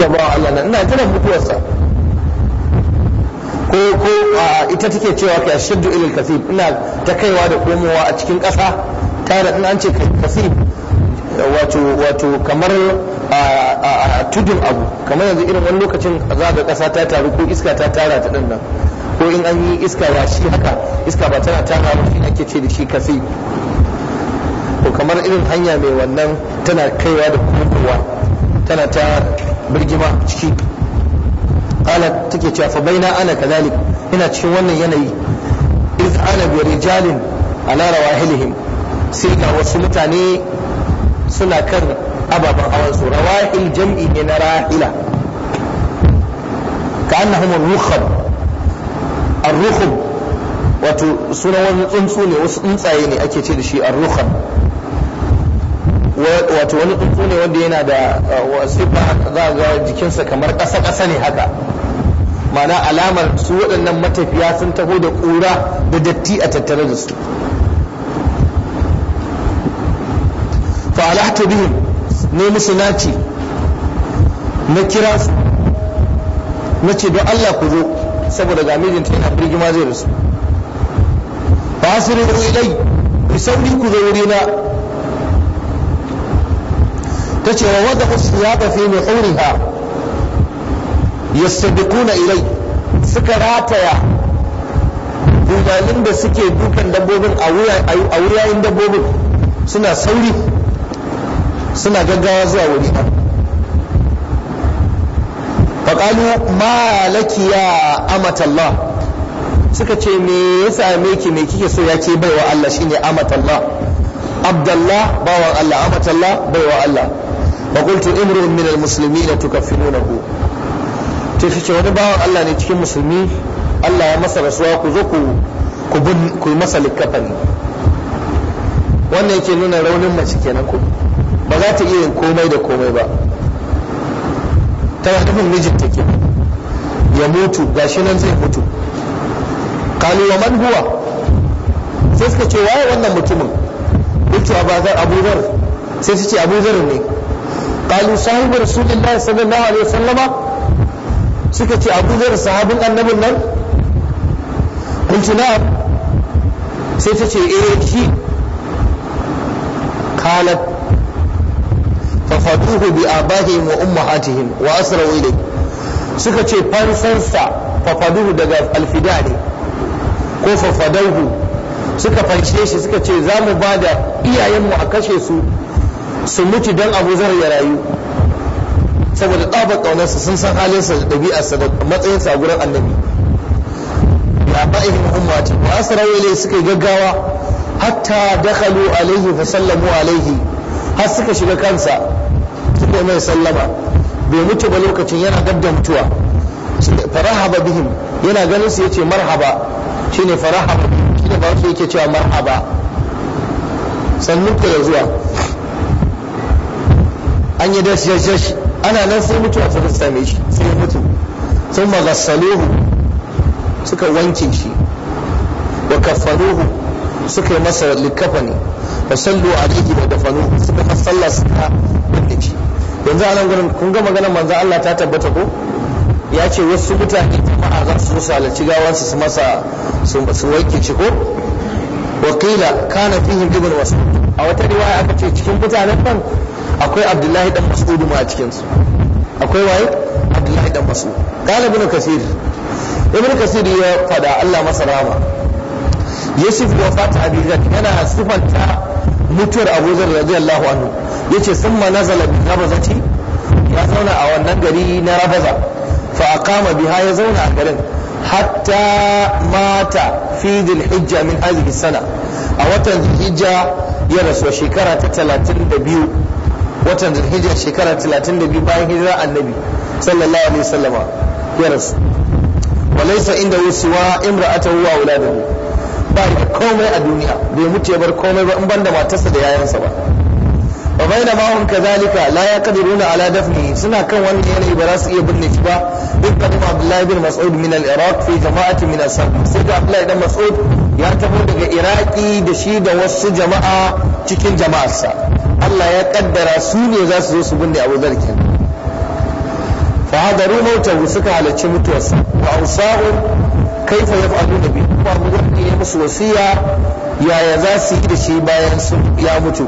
jama'a Allah na ina jiran mutuwarsa ko ko ita take cewa ka shaddu ilal kasib ina ta kaiwa da komowa a cikin ƙasa tare in an ce kasib wato wato kamar a tudun abu kamar yanzu irin wani lokacin za ga ƙasa ta taru ko iska ta tara ta din nan ko in an yi iska ba shi haka iska ba tana tara ba shi ake ce da shi kasib ko kamar irin hanya mai wannan tana kaiwa da komowa tana ta birgima ciki qala take cewa fa baina ana kadhalik ina cikin wannan yanayi iz ana bi rijalin ala rawahilihim sai ga wasu mutane suna kan ababen hawan su rawahil jam'i ne na rahila ka annahum rukhab ar-rukhab wato sunan wani tsuntsu ne wasu tsuntsaye ne ake ce da shi ar-rukhab wato wani tsuntsu ne wanda yana da uh, sifa za ga jikinsa kamar ƙasa-ƙasa ne haka mana alamar su waɗannan matafiya sun taho da ƙura da datti a tattare da su fa'alahtu bihim ne musu naci na kira su na ce don Allah ku zo saboda ga mijinta yana birgima zai rasu ba su rinru ilai ku sauri ku zo wurina ta ce wa wadda siyaba fi nuhuriha yasaddiquna ilai suka rataya dubalin da suke dukan dabbobin a wuyayen dabbobin suna sauri suna gaggawa zuwa wuri ta faƙalu malakiya amatallah suka ce me ya same ki me kike so ya ke baiwa Allah shine amatallah abdallah bawan Allah amatallah baiwa Allah wa qultu imru'un min almuslimina tukaffinunahu ce shi ce wani bawan Allah ne cikin musulmi Allah ya masa rasuwa ku zo ku ku masa likafani wannan yake nuna raunin mace kenan ku ba za ta iya yin komai da komai ba ta wata nufin mijinta ke ya mutu gashi nan zai mutu kalu wa man huwa sai suka ce waye wannan mutumin yace abazar abuzar sai su ce abuzar ne qalu sahibu rasulillahi sallallahu alaihi wasallama suka ce abu zai sahabin annabin nan kuntu sai ta ce eh shi qalat fafaduhu bi abahihim wa ummahatihim wa asrawu ilayhi suka ce fansansa fafaduhu daga alfidari ne ko fafadauhu suka fanshe shi suka ce ba da iyayenmu a kashe su Sun mutu don abu zar ya rayu saboda ɗaba ƙaunarsa sun san halinsa da ɗabi'arsa da matsayinsa a gurin annabi ya ba'ihim ummati wa asrawu ilayhi suka yi gaggawa hatta dakhalu alaihi fa sallamu alaihi har suka shiga kansa suka mai sallama bai mutu ba lokacin yana dab mutuwa farahaba bihim yana ganin su yace marhaba shine farahaba shine ba yake cewa marhaba sannu ka zuwa an yi dashi dashi ana nan sai mutuwa ta same shi sai ya mutu sun magasaluhu suka wanke shi wa kafanuhu suka yi masa likafani wa sallu jiki da dafanuhu suka fa sallah suka binne shi yanzu a nan gurin kun ga maganar manzo Allah ta tabbata ko ya ce wasu mutane jama'a za su rusa halarci gawansu su masa su wanke shi ko wakila kana fihim ibn wasu a wata riwaya aka ce cikin mutanen nan akwai abdullahi dan mas'udu ma a cikin su akwai waye abdullahi dan mas'ud qala ibn kasir ibn ya fada Allah masa rama yusuf wa fata abi yana sifanta mutuwar abu zar radiyallahu anhu yace summa nazala bi rabazati ya zauna a wannan gari na rabaza fa aqama biha ya zauna a garin hatta mata fi hijjamin min hadhihi sana a watan hijja ya rasu shekara ta 32 watan zulhijja shekara 32 bayan hijira annabi sallallahu alaihi wasallam ya rasu walaysa inda siwa imra'atahu wa auladuhu ba da komai a duniya bai mutu ya bar komai ba in banda matarsa da yayansa ba wa bayna ma hum kadhalika la yaqdiruna ala dafnihi suna kan wani yanayi ba za su iya binne shi ba Duk Abdullahi bin Mas'ud min al-Iraq fi jama'ati min as sai da Abdullahi dan Mas'ud ya tafi daga Iraki da shi da wasu jama'a cikin jama'arsa Allah ya kaddara su ne za su zo su binne Abu Dharr kenan fa hadaru mautahu suka halarci mutuwarsa wa ausa'u kaifa yaf'alu da bi kuma wanda ya musu wasiya yaya za su yi da shi bayan su ya mutu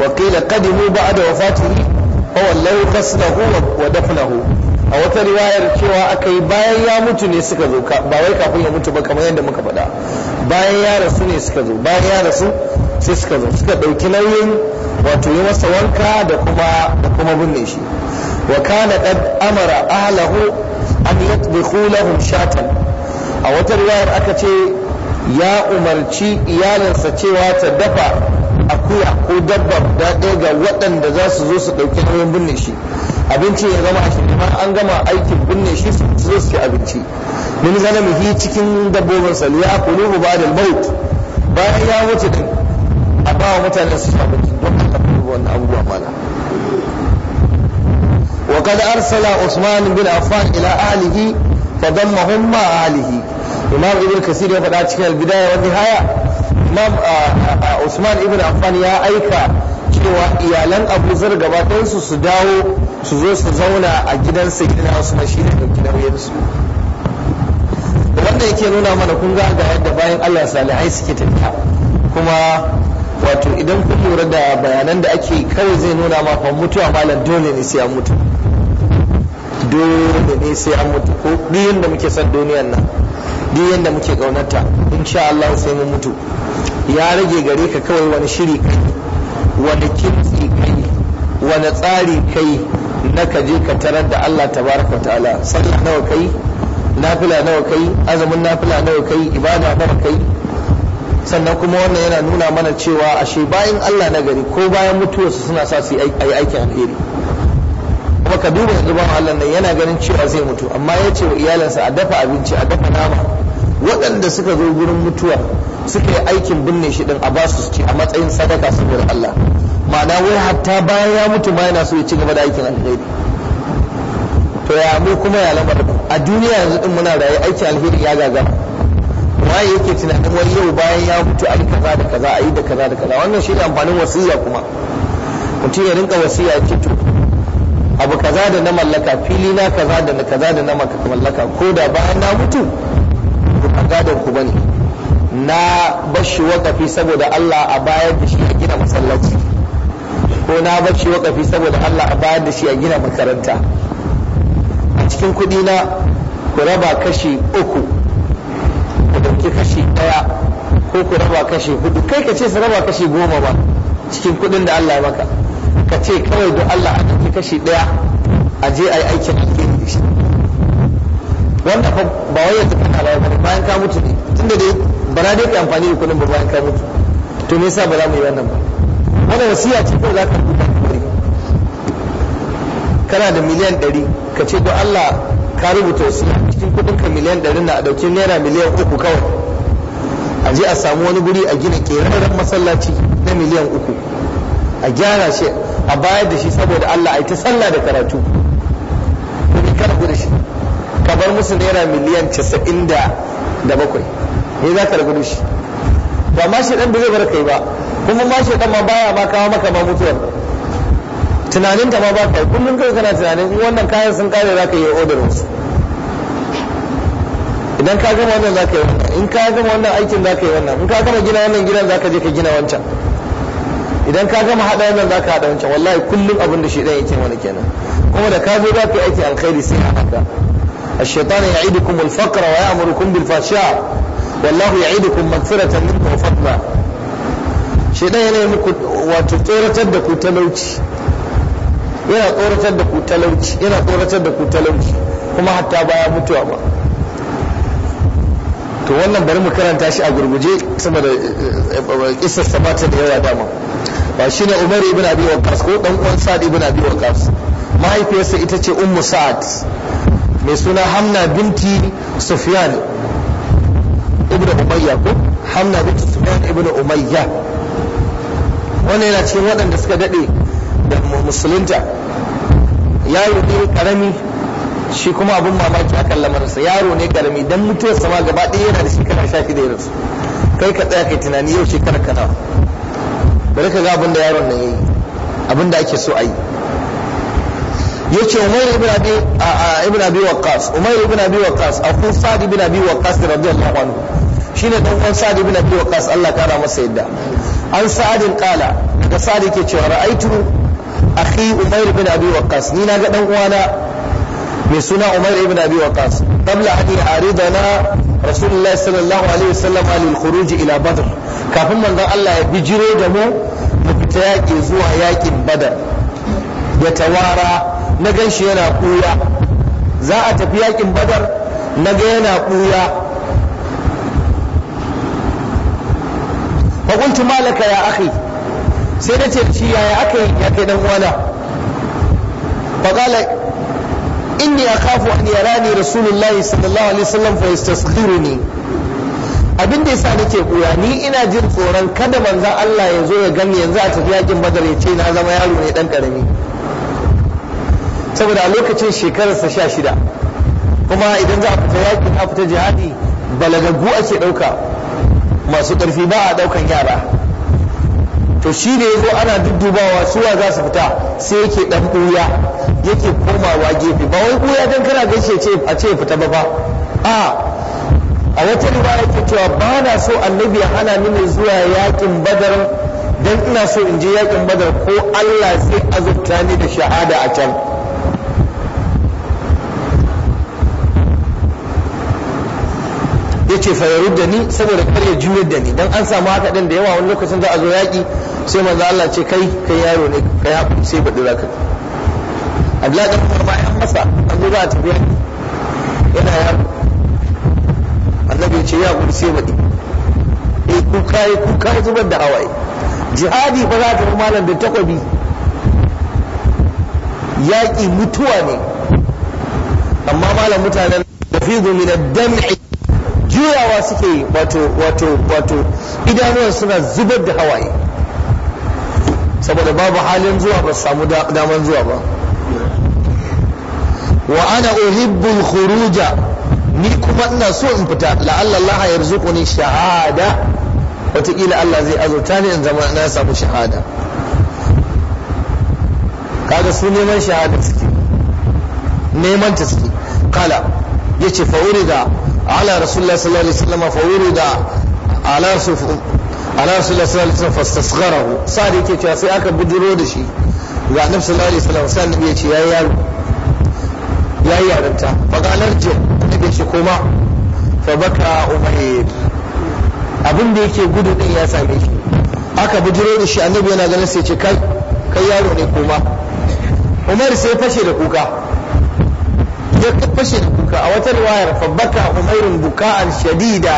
wa qila qadimu ba'da wafatihi fa wallahu qasdahu wa dafnahu a wata riwayar cewa aka yi bayan ya mutu ne suka zo ba wai kafin ya mutu ba kamar yadda muka faɗa bayan ya rasu ne suka zo bayan ya rasu sai suka zo suka ɗauki nauyin wato yi masa wanka da kuma da binne shi wa kana qad amara ahlahu an yatbikhu lahum shatan a wata riwayar aka ce ya umarci iyalinsa cewa ta dafa akuya ko dabbar ɗaya ga waɗanda za su zo su ɗauki nauyin binne shi abinci ya zama ashirin ma an gama aikin binne shi su zo su ci abinci min mafi cikin dabbobin sa ya kuluhu ba da bayan ya wuce din a ba mutane su ci abinci wannan abubuwa mana wa kada arsala usman bin affan ila alihi fa damma ma alihi, imam ibn kasir ya faɗa cikin albidaya wa nihaya imam usman ibn affan ya aika cewa iyalan abu zar gabatansu su dawo su zo su zauna a gidan sayyidina usman shi ne dauki nauyinsu wanda yake nuna mana kunga ga ga yadda bayan Allah salihai suke tafiya kuma wato idan ku lura da bayanan da ake kawai zai nuna ma mutuwa malam dole ne sai an mutu dole ne sai an mutu ko duk yadda muke son duniyar nan duk yadda muke in insha Allah sai mu mutu ya rage gare ka kawai wani shiri kai wani kintsi kai wani tsari kai na ka je ka tarar da Allah tabaraka ta'ala sallah nawa kai nafila nawa kai azumin nafila nawa kai ibada nawa kai sannan kuma wannan yana nuna mana cewa ashe bayan Allah na gari ko bayan mutuwarsa suna sa su yi aikin alheri kuma ka duba yanzu bawan Allah nan yana ganin cewa zai mutu amma ya ce wa iyalinsa a dafa abinci a dafa nama waɗanda suka zo gurin mutuwa suka yi aikin binne shi din a ba su ce a matsayin sadaka su saboda Allah ma'ana wai hatta bayan ya mutu ma yana so ya ci gaba da aikin alheri to ya mu kuma ya lamar a duniya yanzu din muna raye aikin alheri ya gagara waye yake tunanin wani yau bayan ya mutu a kaza da kaza a yi da kaza da kaza wannan shi ne amfanin wasiya kuma mutum ya rinka wasiya ya to abu kaza da na mallaka fili na kaza da na kaza da na mallaka ko da bayan na mutu ba gadon ku bane na bashi wakafi saboda Allah a bayar da shi a gina masallaci ko na bashi wakafi saboda Allah a bayar da shi a gina makaranta a cikin kudi na ku raba kashi uku ɗauki kashi daya ko ku raba kashi hudu kai ka ce su raba kashi goma ba cikin kuɗin da Allah ya maka ka ce kawai don Allah a ɗauki kashi ɗaya a je a yi aikin alheri da shi wanda fa ba wai yanzu kana ba bayan ka mutu ne tunda dai ba na dai amfani da kudin ba bayan ka mutu to me yasa ba za mu yi wannan ba wannan wasiya ce kawai za ka rubuta kana da miliyan ɗari ka ce don Allah ka rubuta wasiya cikin kudin ka miliyan ɗari na a ɗauki naira miliyan uku kawai a je a samu wani guri a gina ƙerarren masallaci na miliyan uku a gyara shi a bayar da shi saboda Allah a yi ta sallah da karatu domin kada gudu da shi ka bar musu naira miliyan casa'in da bakwai ne za ka rabu shi ba ma shi ɗan ba zai bar kai ba kuma ma shi ɗan ma baya ma kawo maka ma mutuwar tunanin ta ma ba kai kullum kai kana tunanin wannan kayan sun kare za ka yi odar wasu idan ka gama wannan za ka yi wannan in ka gama wannan aikin za ka yi wannan in ka gama gina wannan gidan za ka je ka gina wancan idan ka gama haɗa wannan za ka haɗa wancan wallahi kullum abin da shi shaidan yake mana kenan kuma da ka zo za ka yi aikin alkhairi sai a haɗa الشيطان يعيدكم الفقر ويأمركم بالفحشاء والله يعيدكم مغفرة منه وفضلا shaidan yana yi muku wato tsoratar da ku talauci yana tsoratar da ku talauci yana tsoratar da ku talauci kuma hatta baya mutuwa ba to wannan bari mu karanta shi a gurguje saboda eh, eh, kissar sabata da yawa dama ba shi ne Umar ibn Abi Waqqas ko dan uwan Sa'd ibn Abi Waqqas mahaifiyarsa ita ce Ummu Sa'ad mai suna Hamna binti Sufyan ibn Umayya ko Hamna binti Sufyan ibn Umayya wannan yana cikin waɗanda suka dade da musulunta yi ne karami shi kuma abin mamaki a kan lamarinsa yaro ne karami dan mutuwarsa ma gaba ɗaya yana da shekara sha shida ya rasu kai ka tsaya kai tunani yau shekarar ka nawa bari ka ga abin da yaron nan yayi abin da ake so a yi ce Umar ibn Abi ibn Abi a Umar ibn Abi biyu aku Sa'd ibn Abi Waqqas radiyallahu anhu shine dan uwan Sa'd ibn Abi kas. Allah kara masa yadda an Sa'adin qala daga Sa'd yake cewa ra'aitu akhi Umar ibn Abi kas. ni na ga dan uwana mai suna umar ibn abi waqas qabla an yaridana rasulullah sallallahu alaihi wasallam alil khuruj ila badr kafin manzon Allah ya bijiro da mu mu fita yaƙi zuwa yaƙin badar ya tawara na ganshi yana kuya za a tafi yaƙin badar na ga yana kuya فقلت ما لك يا أخي سيدتي يا أخي يا كي نوانا فقال inni kafu an ne rasulullahi sallallahu alaihi wasallam fa yastaskiruni abin da yasa nake koya ni ina jin tsoron kada manzon Allah ya zo ya gani yanzu a tafi kin badar ya ce na zama yaro ne dan karami saboda a lokacin shekararsa sha shida kuma idan za a fita yaki a fita jihadi balagaggu ake ɗauka masu ƙarfi ba a ɗaukan yara to shi ne yazo ana duddubawa suwa za su fita sai yake dan buya yake komawa gefe ba wai buya dan kana gaishe ce a ce fita ba ba a a wata riwaya yake cewa ba na so annabi ya hana ni zuwa yakin badar dan ina so in je yakin badar ko Allah sai azurta ni da shahada a can yace fayarud da ni saboda kar ya juyar da ni dan an samu haka din da yawa wani lokacin za a zo yaki sai manzo Allah ce kai kai yaro ne kai haku sai bada zaka Abdullahi dan Umar ba ya masa an zo ba tafiya yana yaro annabi ya ce ya gudu sai bada eh kuka yi kuka zubar da hawaye jihadi ba za ta fi malam da takwabi yaƙi mutuwa ne amma malam mutanen tafidhu zumi da dami juyawa suke wato wato wato idanuwan suna zubar da hawaye saboda babu halin zuwa ba samu daman zuwa ba wa ana uhibbul khuruja ni kuma ina so in fita la'alla Allah ni shahada wataƙila Allah zai azurta ni in zama na samu shahada kaga su neman shahada suke neman ta suke kala yace fa urida ala rasulullahi sallallahu alaihi wasallam fa wurida ala sufu ala rasulullahi sallallahu alaihi wasallam fastasgharahu sa'ad yake cewa sai aka bujiro da shi ga annabi sallallahu alaihi wasallam sai annabi ya ce yayi yaro ga alarje annabi ya ce koma fa baka umayr abin da yake gudu din ya same shi aka bujiro da shi annabi yana ganin sai ce kai yaro ne koma umar sai fashe da kuka kuka a wata riwayar fabbaka umairun buka'an shadida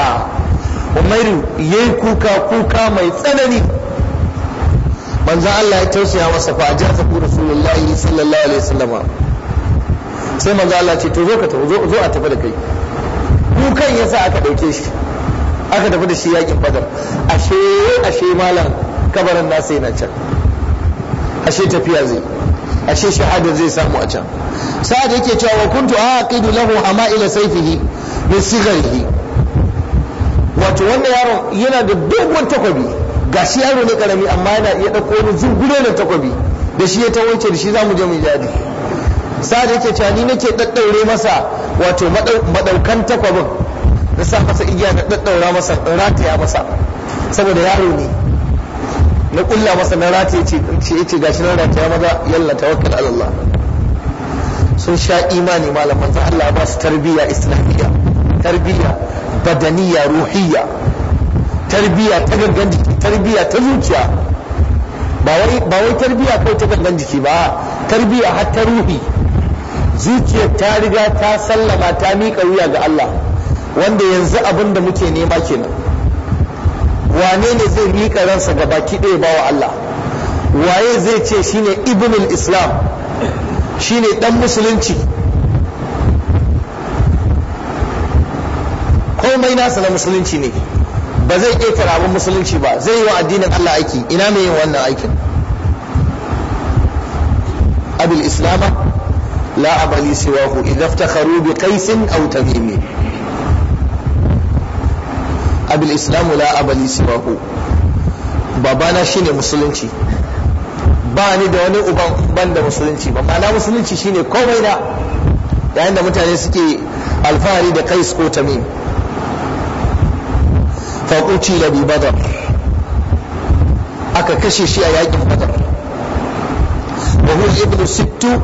umairu yayi kuka kuka mai tsanani manzon Allah ya tausaya masa fa ajaza ku rasulullahi sallallahu alaihi wasallama sai manzon Allah ce to zo ka zo zo a tafi da kai kukan yasa aka dauke shi aka tafi da shi yakin badar ashe ashe malam kabarin nasa yana can ashe tafiya zai ashe shahadar zai samu a can sa'ad yake cewa wa kuntu aqidu lahu hama'ila sayfihi sigar sigharihi wato wannan yaron yana da dogon takobi gashi yaro ne karami amma yana iya dauko wani zungure da takobi da shi ya wance da shi zamu je mu jadi sa'ad yake cewa ni nake daddaure masa wato madaukan takwabin da sa masa igiya da daddaura masa rataya masa saboda yaro ne na kulla masa na rati ya ce ya ce gashi na rati ya maza yalla tawakkal ala Allah sun sha imani malaman ta Allah ba su tarbiyya islamiyya tarbiyya badaniya ruhiyya tarbiyya ta gangan jiki tarbiyya ta zuciya ba wai ba wai tarbiyya kawai ta gangan jiki ba tarbiyya har ta ruhi zuciyar ta riga ta sallama ta miƙa wuya ga Allah wanda yanzu abin da muke nema kenan wane ne zai miƙa ransa ga baki ɗaya ba wa Allah waye zai ce shine ibnul islam shine dan musulunci komai nasa na musulunci ne ba zai ƙetare abin musulunci ba zai yi wa addinin Allah aiki ina mai yin wannan aikin abil islama la abali siwahu idza iftakharu bi qaisin aw abil islamu la abali siwahu babana shine musulunci ba ni da wani uban banda musulunci ba ma'ana musulunci shine komai na yayin da mutane suke alfahari da kais ko tamim faƙuci da bi badar aka kashe shi a yakin badar wa huwa ibnu sittu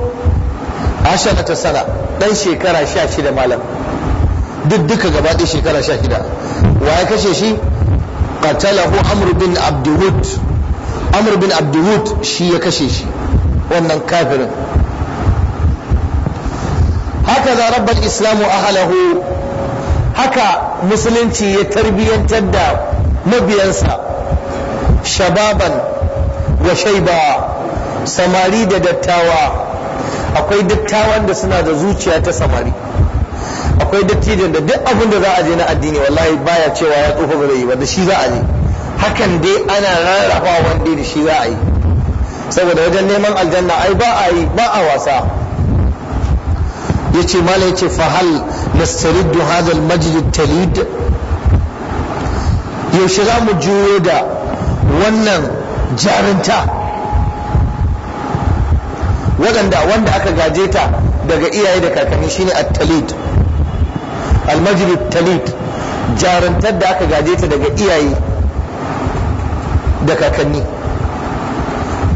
ta sana dan shekara 16 malam duk duka gaba ɗaya shekara 16 wa ya kashe shi qatalahu amr bin abduhud amr bin Abdihud shi ya kashe shi wannan kafirin haka za rabbal islamu ahlahu haka musulunci ya tarbiyyantar da mabiyansa shababan wa shaiba samari da dattawa akwai dattawan da suna da zuciya ta samari akwai dattijan da duk abin da za a je na addini wallahi baya cewa ya tsufa ba zai yi ba da shi za a je hakan dai ana rarrafa wanda da shi za a yi saboda wajen neman aljanna ai ba a yi ba a wasa yace mala yace fahal nastariddu hadha Majlis talid yaushe za mu juyo da wannan jarinta waɗanda wanda aka gaje ta daga iyaye da kakanni shine at-talid almajrid talit jarantar da aka gaje ta daga iyaye da kakanni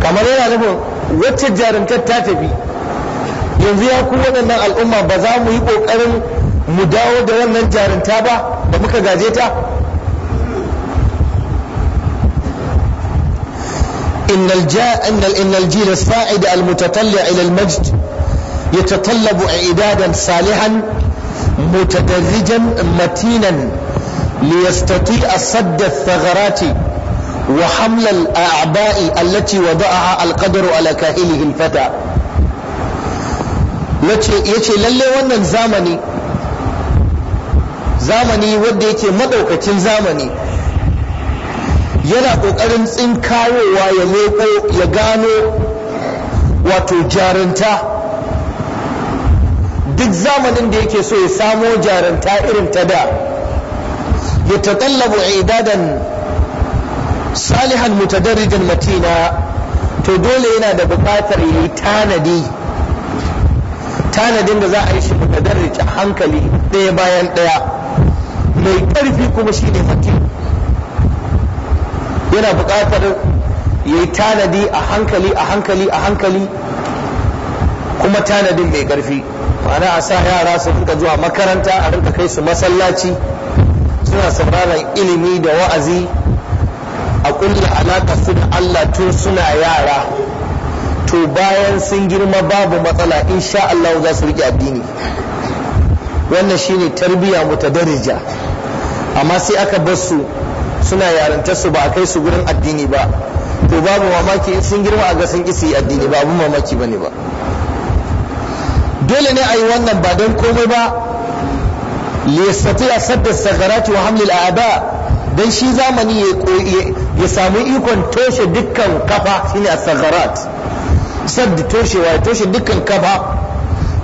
kamar yana nufin wacce jarantar ta tafi yanzu ya ku waɗannan al'umma ba za mu yi ƙoƙarin mu dawo da wannan jarinta ba da muka gaje ta innal da sa'id al mutatalli ila ya majd a i'dadan salihan متدرجا متينا ليستطيع سد الثغرات وحمل الأعباء التي وضعها القدر على كاهله الفتى yace lalle wannan zamani zamani wanda yake maɗaukacin zamani yana kokarin tsinkawowa ya leko ya gano wato jarinta. duk zamanin da yake so ya samo jaranta irin ta da ya taɗallabu idadan salihan mutadarrijin matina to dole yana da buƙatar ya yi tanadi tanadin da za a yi shi mutadarrij a hankali ɗaya bayan ɗaya mai ƙarfi kuma shi ne matin yana buƙatar ya yi tanadi a hankali a hankali a hankali kuma tanadin mai ƙarfi ma'ana a sa yara su rinka zuwa makaranta a rinka kai su masallaci suna sauraron ilimi da wa'azi a kulla alaƙa su da Allah tun suna yara to bayan sun girma babu matsala insha Allah za su riƙe addini wannan shine tarbiyya darija amma sai aka bar su suna yarantar su ba a kai su gurin addini ba to babu mamaki in sun girma a ga sun kisi addini ba abun mamaki bane ba dole ne a yi wannan ba don komai ba liyastati a sadda sagarati wa hamlil a'ada don shi zamani ya samu ikon toshe dukkan kafa shine a sagarat sadda toshewa ya toshe dukkan kafa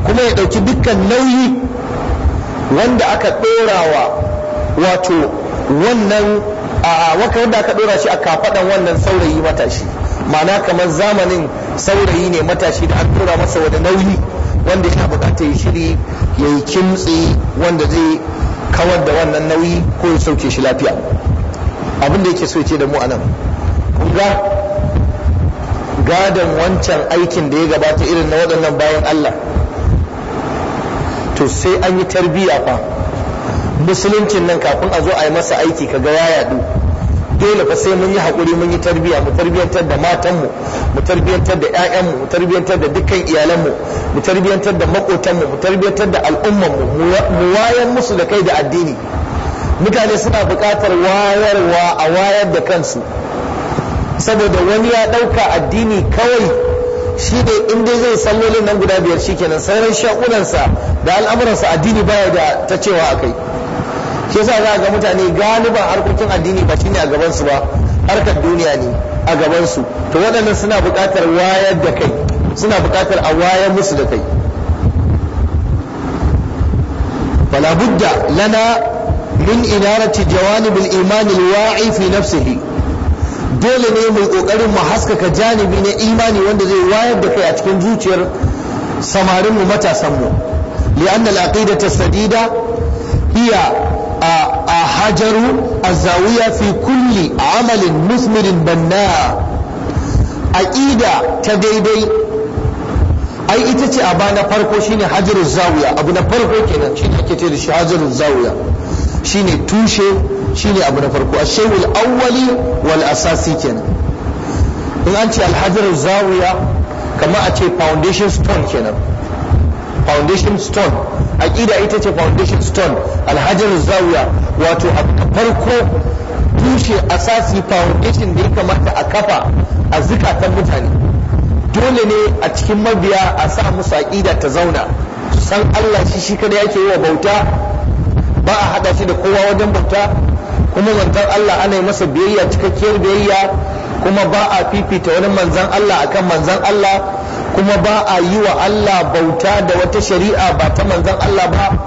kuma ya ɗauki dukkan nauyi wanda aka ɗorawa wato wannan a waka wanda aka ɗora shi a kafaɗan wannan saurayi matashi ma'ana kamar zamanin saurayi ne matashi da an ɗora masa wada nauyi wanda ya yana ya shiri ya yi kimtsi wanda zai kawar da wannan nauyi ko ya sauke shi lafiya abin da yake so ce da mu anan nan ga gadon wancan aikin da ya gabata irin na waɗannan bayan Allah to sai an yi tarbiyya fa musuluncin nan kafin a zo a yi masa aiki kaga ya yadu dole fa sai mun yi haƙuri mun yi tarbiyya mu tarbiyyantar da matanmu mu tarbiyyantar da 'ya'yanmu mu tarbiyyantar da dukkan iyalanmu mu tarbiyyantar da makotanmu mu tarbiyyantar da al'ummanmu mu wayar musu da kai da addini mutane suna buƙatar wayarwa a wayar da kansu saboda wani ya ɗauka addini kawai shi ne in dai zai sallolin nan guda biyar shikenan sauran sha'unansa da al'amuransa addini baya da ta cewa akai shi yasa za ga mutane galiban harkokin addini ba shine a gaban ba harkar duniya ne a gaban to waɗannan suna buƙatar wayar da kai suna buƙatar a wayar musu da kai falabudda lana min inarati jawanib al-iman al-wa'i fi nafsihi dole ne mu kokarin mu haskaka janibi na imani wanda zai wayar da kai a cikin zuciyar samarin mu matasan mu li'anna al sadida hiya a hajaru a zawiya fi kulli amalin musmirin banna ƙida ta daidai ai ita ce a bana farko shine hajarun zawiya abu na farko kenan shine ake ce da shi hajarun zawiya shine tushe shine abu na farko A ashewul awwali wal asasi kenan in an ce alhajarun zawiya kama a ce foundation stone kenan foundation stone aƙida ita ce foundation stone alhajar zawiya wato a farko tushe asasi foundation da ya kamata a kafa a zukatan mutane dole ne a cikin mabiya a sa musu aƙida ta zauna san Allah shi shi kada yake yi wa bauta ba a haɗa shi da kowa wajen bauta kuma manzon Allah ana yi masa biyayya cikakkiyar biyayya kuma ba a fifita wani manzan Allah akan manzan Allah kuma ba a yi wa Allah bauta da wata shari'a ba ta manzan Allah ba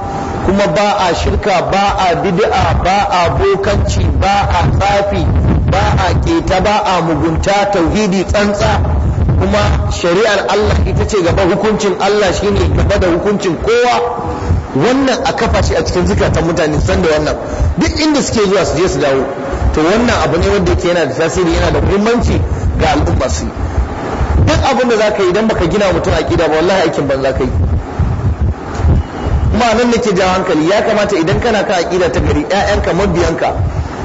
kuma ba a shirka ba a bid'a ba a bokanci ba a tsafi ba a keta ba a mugunta tauhidi tsantsa kuma shari'ar Allah ita ce gaba hukuncin Allah shine gaba da hukuncin kowa wannan a kafa shi a cikin zukatan mutane san da wannan duk inda suke zuwa su je su dawo to wannan abu ne wanda yake yana da tasiri yana da muhimmanci ga al'umma su duk abin da zaka yi idan baka gina mutum aqida ba wallahi aikin ban zaka yi kuma da ke jawo hankali ya kamata idan kana ka aqida ta gari ƴaƴanka mabiyanka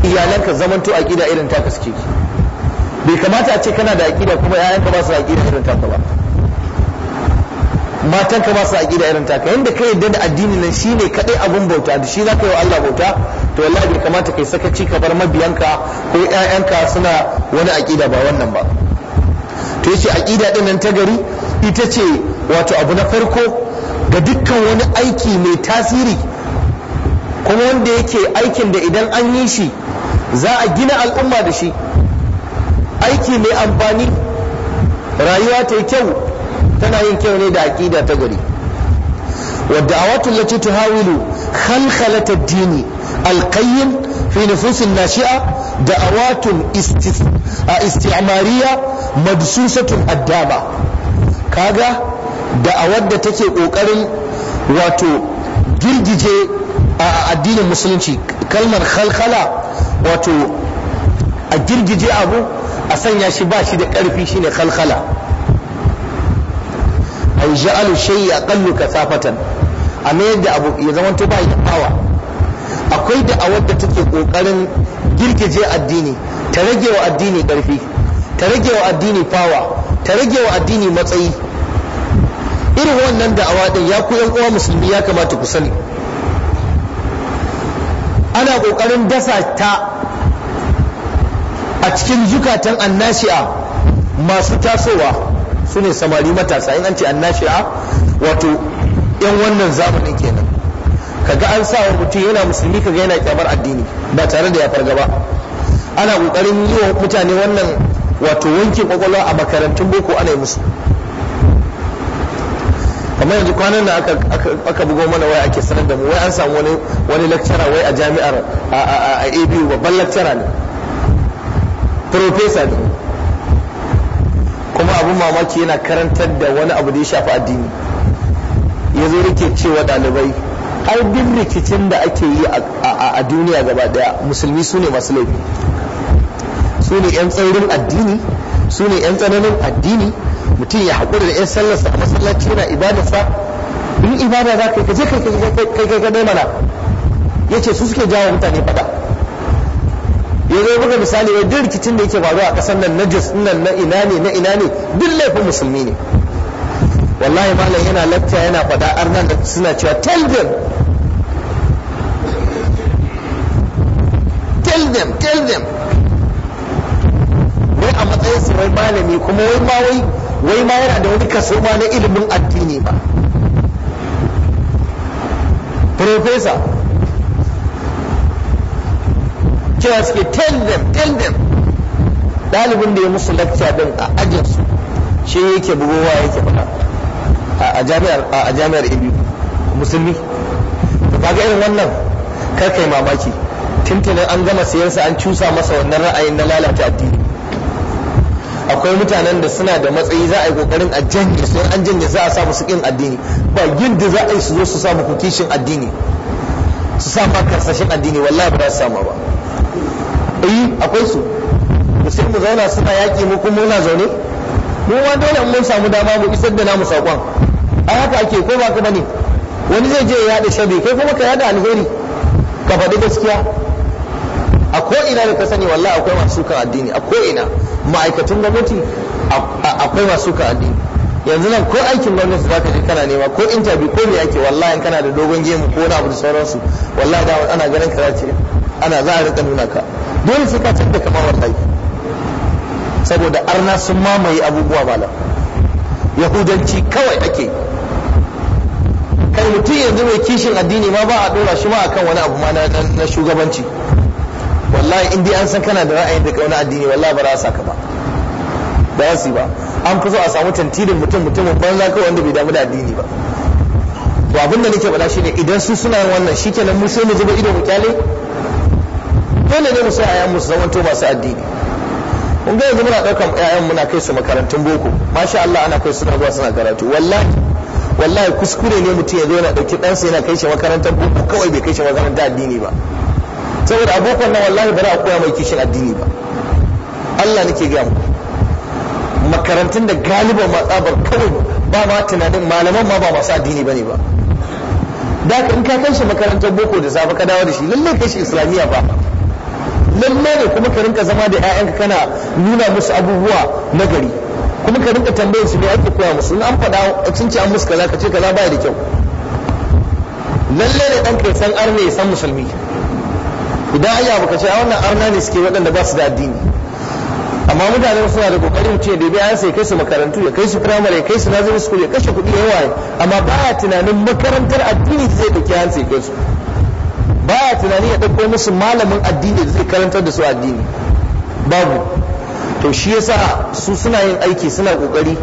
iyalanka zamanto aqida irin ta kaske bai kamata a ce kana da aqida kuma ƴaƴanka ba su aqida irin ta ba matan ka ba su aqida irin taka yadda ka yadda da addini nan shine kadai abin bauta da shi zaka yi wa Allah bauta to wallahi bai kamata kai sakaci ka bar mabiyanka ko ƴaƴanka suna wani aqida ba wannan ba to yace aqida din nan ta gari ita ce wato abu na farko ga dukkan wani aiki mai tasiri kuma wanda yake aikin da idan an yi shi za a gina al'umma da shi aiki mai amfani rayuwa ta kyau tana yin kyau ne da aƙida ta gari wadda a watan lati tuhawilu khalkhalata dini القيم في نفوس الناشئة دعوات استعمارية مدسوسة الدامة كاغا دعوات تكي أوكارن واتو girgije a addinin musulunci kalmar khalkhala a girgije abu a sanya shi ba shi da ƙarfi shine khalkhala a ja'alu shay'a qallu kasafatan a mayar da abu ya zama to ba da power akwai da a da take kokarin girgije addini ta rage wa addini ƙarfi ta rage wa addini fawa ta rage wa addini matsayi irin wannan awa din ya ku uwa musulmi ya kamata ku sani ana kokarin dasa ta a cikin zukatan annashi'a masu tasowa su samari matasa in an ce annashi'a wato 'yan wannan zamanin kenan kaga an sa mutum yana musulmi kaga yana kyamar addini ba tare da ya farga ba ana kokarin yi wa mutane wannan wato wankin kwakwalwa a makarantun boko ana yi musu kamar yanzu kwanan da aka bugo mana waya ake sanar da mu wai an samu wani wani lecturer wai a jami'ar a ABU babban lecturer ne professor ne kuma abun mamaki yana karantar da wani abu da ya shafi addini ya zo yake cewa ɗalibai ai duk rikicin da ake yi a duniya gaba daya musulmi su ne masu laifi su ne 'yan tsaurin addini su ne 'yan tsananin addini mutum ya haƙura da 'yan sallarsa a masallaci yana ibadarsa in ibada za ka kaje kai kai kai mana ya ce su suke jawo mutane fada ya zo buga misali wai duk rikicin da yake faruwa a ƙasar nan na jis nan na ina ne na ina ne duk laifin musulmi ne wallahi malam yana lacca yana faɗa arnan da suna cewa tell them tell them tell them wai a matsayin su wai malami kuma wai ma wai wai ma yana da wani kaso ma na ilimin addini ba professor cewa suke tell them tell them ɗalibin da ya musu lacca din a ajinsu shi yake bugowa yake faɗa a jami'ar a jami'ar ibi musulmi to ga irin wannan kar kai mamaki Tuntunan an gama siyarsa an cusa masa wannan ra'ayin na lalata addini akwai mutanen da suna da matsayi za a yi kokarin a janye su an janye za a sa musu kin addini ba yadda za a yi su zo su sa muku kishin addini su sa ma karsashin addini wallahi ba za su sama ba eh akwai su sai mu zauna suna yaƙi mu kuma muna zaune mu ma dole mun samu dama mu isar da namu saƙon ai haka ake ko ba ka bane wani zai je ya yada shabi kai kuma ka yada alheri ka faɗi gaskiya a ko ina da ka sani akwai masu kan addini a ina ma'aikatan gwamnati akwai masu kan addini yanzu nan ko aikin gwamnati zaka je kana nema ko interview ko me yake wallahi kana da dogon gemu ko wani abu da sauransu wallahi da ana ganin ka ce ana za a rika nuna ka dole sai ka canza kamar wallahi saboda arna sun mamaye abubuwa malam yahudanci kawai ake kai mutum yanzu mai kishin addini ma ba a dora shi ma akan wani abu ma na shugabanci wallahi in dai an san kana da ra'ayin da wani addini wallahi ba za a saka ba ba su ba an fi so a samu tantirin mutum mutumin banza kawai wanda bai damu da addini ba to abin da nake faɗa shine idan su suna wannan shikenan mu sai mu zuba ido mu kyale dole ne mu sai ayan mu to masu addini kun ga yanzu muna ɗaukan 'ya'yan muna kai su makarantun boko masha Allah ana kai suna zuwa suna karatu wallahi wallahi kuskure ne mutum ya zo yana ɗauki ɗansa yana kai shi makarantar boko kawai bai kai shi makaranta addini ba saboda abokan nan wallahi ba za a koya mai kishin addini ba Allah nake gaya muku makarantun da galiban matsabar kawai ba ma tunanin malaman ma ba masu addini bane ba da in ka kai shi makarantar boko da safe ka dawo da shi lalle kai shi islamiyya ba Lallai ne kuma ka rinka zama da 'ya'yanka kana nuna musu abubuwa na gari kuma ka rinka tambayar su me ake koya musu in an faɗa a cinci an musu kaza ka ce kaza baya da kyau lalle ne dan kai san arne ya san musulmi idan ai abu ka ce a wannan arna ne suke waɗanda ba su da addini amma mutane suna da kokari mutum ya bai an sai kai su makarantu ya kai su firamare kai su nazari school ya kashe kuɗi yawa amma baya tunanin makarantar addini zai ɗauki an sai kai su baya tunanin ya dauko musu malamin addini da zai karantar da su addini babu to shi yasa su suna yin aiki suna kokari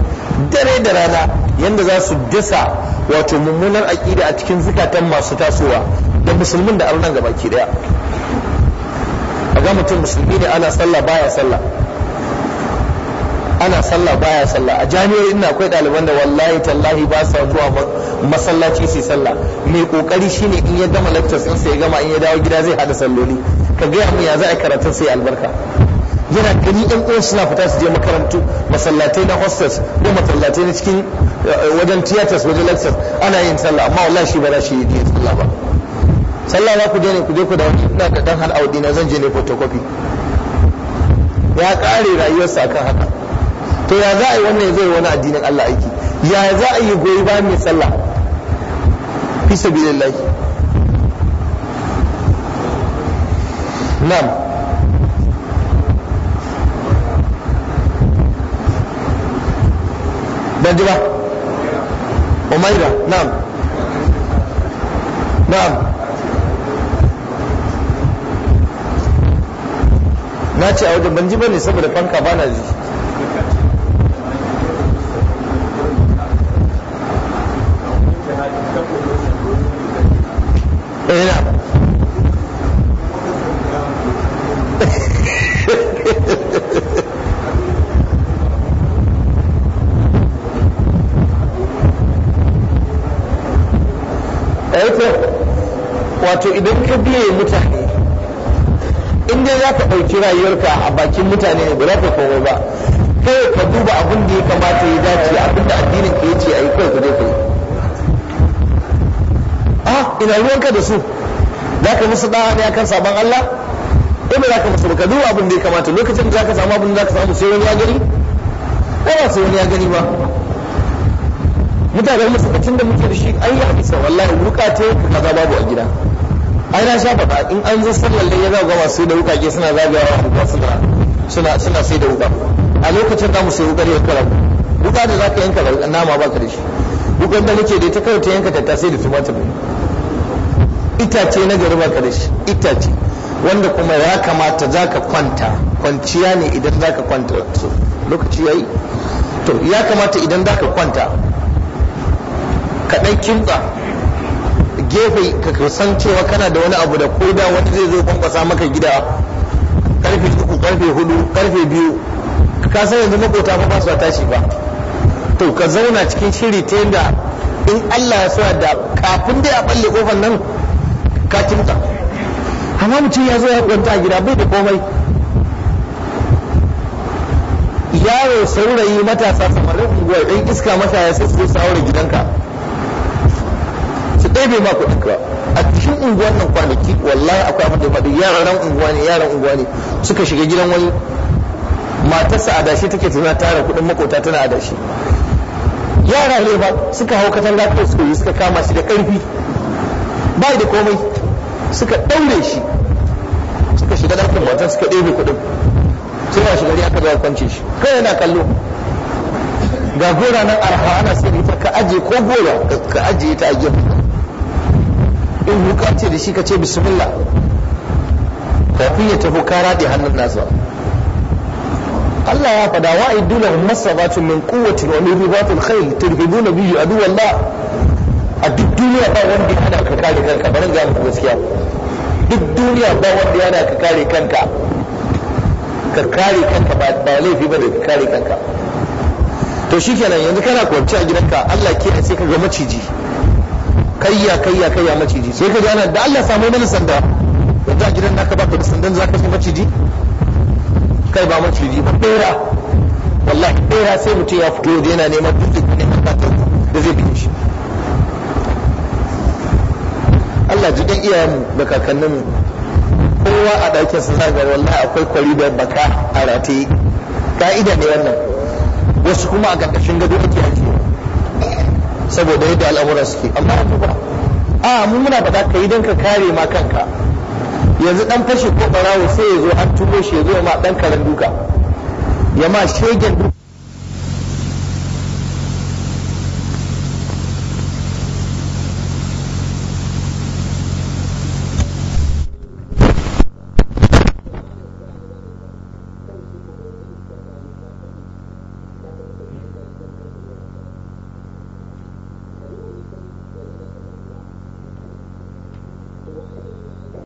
dare da rana yanda za su dasa wato mummunar aƙida a cikin zukatan masu tasowa da musulmin da arnan gaba ke daya a ga mutum musulmi ne ana sallah baya sallah ana sallah baya sallah a jami'ar ina akwai ɗaliban da wallahi tallahi ba sa zuwa masallaci su sallah mai kokari shine in ya gama lectures in sai ya gama in ya dawo gida zai hada salloli ka gaya mu ya za a karatun sai albarka yana gani yan uwan suna fita su je makarantu masallatai na hostels ko masallatai na cikin eh, wajen theaters wajen lectures ana yin sallah amma wallahi shi ba za shi yi sallah ba sallah za ku je ne ku je ku da wani ina da dan hal audi na zan je ne photocopy ya kare rayuwarsa akan haka to ya za a yi wannan zai wani addinin Allah aiki ya za a yi goyi bayan mai sallah fi sabilillah na'am ban ji ba umaira na'am na'am na ce a wajen ban ji saboda fanka bana ji ina eh, idan ka biye mutane inda za ka ɗauki rayuwarka a bakin mutane ne ba za ka komai ba kai ka duba abin da ya kamata ya dace abin da addinin ka yace ayi kai ka je ka yi a ina ruwanka da su za ka musu da'a ne akan sabon Allah ko ba za ka musu ka duba abin da ya kamata lokacin da za ka samu abin da za ka samu sai wani ya gani ko ba sai wani ya gani ba mutanen masakacin da muke da shi ai bisa wallahi wuka ta kaza babu a gida ai na sha faɗa in an zo sallar da ya zaga masu da wukake suna zagawa wuka suna suna sai da wuka a lokacin da mu sai wukar ya kara wuka da zaka yanka nama ba ka da shi wukar da nake da ita kawai ta yanka sai da tumatir itace na gari ka da shi itace wanda kuma ya kamata za ka kwanta kwanciya ne idan za ka kwanta so lokaci ya yi to ya kamata idan za ka kwanta ka ɗan kimtsa gefe ka san cewa kana da wani abu da koda da zai zo bambasa maka gida karfe uku karfe hudu karfe biyu ka san yanzu makota ba su tashi ba to ka zauna cikin shiri ta yadda in Allah ya so da kafin dai a balle kofar nan ka kimta amma mutum ya zo ya kwanta gida bai da komai yaro saurayi matasa samarin unguwar ɗan iska masa ya sassu su gidanka kai bai ba ku ka a cikin unguwan nan kwanaki wallahi akwai abin da ya faɗi yaran unguwa ne yaran unguwa ne suka shiga gidan wani matarsa adashi take tana tara kuɗin makota tana adashi yara ne ba suka hau katanga ko suka yi suka kama shi da ƙarfi ba da komai suka ɗaure shi suka shiga ɗarkin matan suka ɗebe kuɗin sai ba shi gari aka zuwa kwance shi kai yana kallo ga gora nan arha ana sai ita ka aje ko gora ka aje ta a gefe in huka ce da shi ka ce bismillah kafin ya tafi kara da hannun nasa Allah ya fada wa aidu lahum masabatun min kowace wa min ribatil khayl turhibuna bihi aduwallah a duk duniya ba wanda yana ka kare kanka bari ga muku gaskiya duk duniya ba wanda yana ka kare kanka ka kare kanka ba laifi ba da ka kare kanka to shikenan yanzu kana kwanci a gidanka Allah ke sai ka ga maciji kayya kayya kayya maciji sai ka gana da Allah samu mana sanda yanzu a gidan naka baka da sandan zaka fi maciji kai ba maciji ba bera wallahi bera sai mutum ya fito da yana neman duk da ne da zai bi shi Allah ji dan iyayenmu da kakanninmu kowa a ɗakin sa zaga wallahi akwai kwari da baka a rataye ka'ida ne wannan wasu kuma a ƙarƙashin gado ake ajiye saboda yadda al'amuran suke amma ba ba a mu muna faɗa ka yi don ka kare ma kanka yanzu dan fashi ko barawo sai ya zo an tumo shi ya zo ma dan karan duka ya ma shegen duka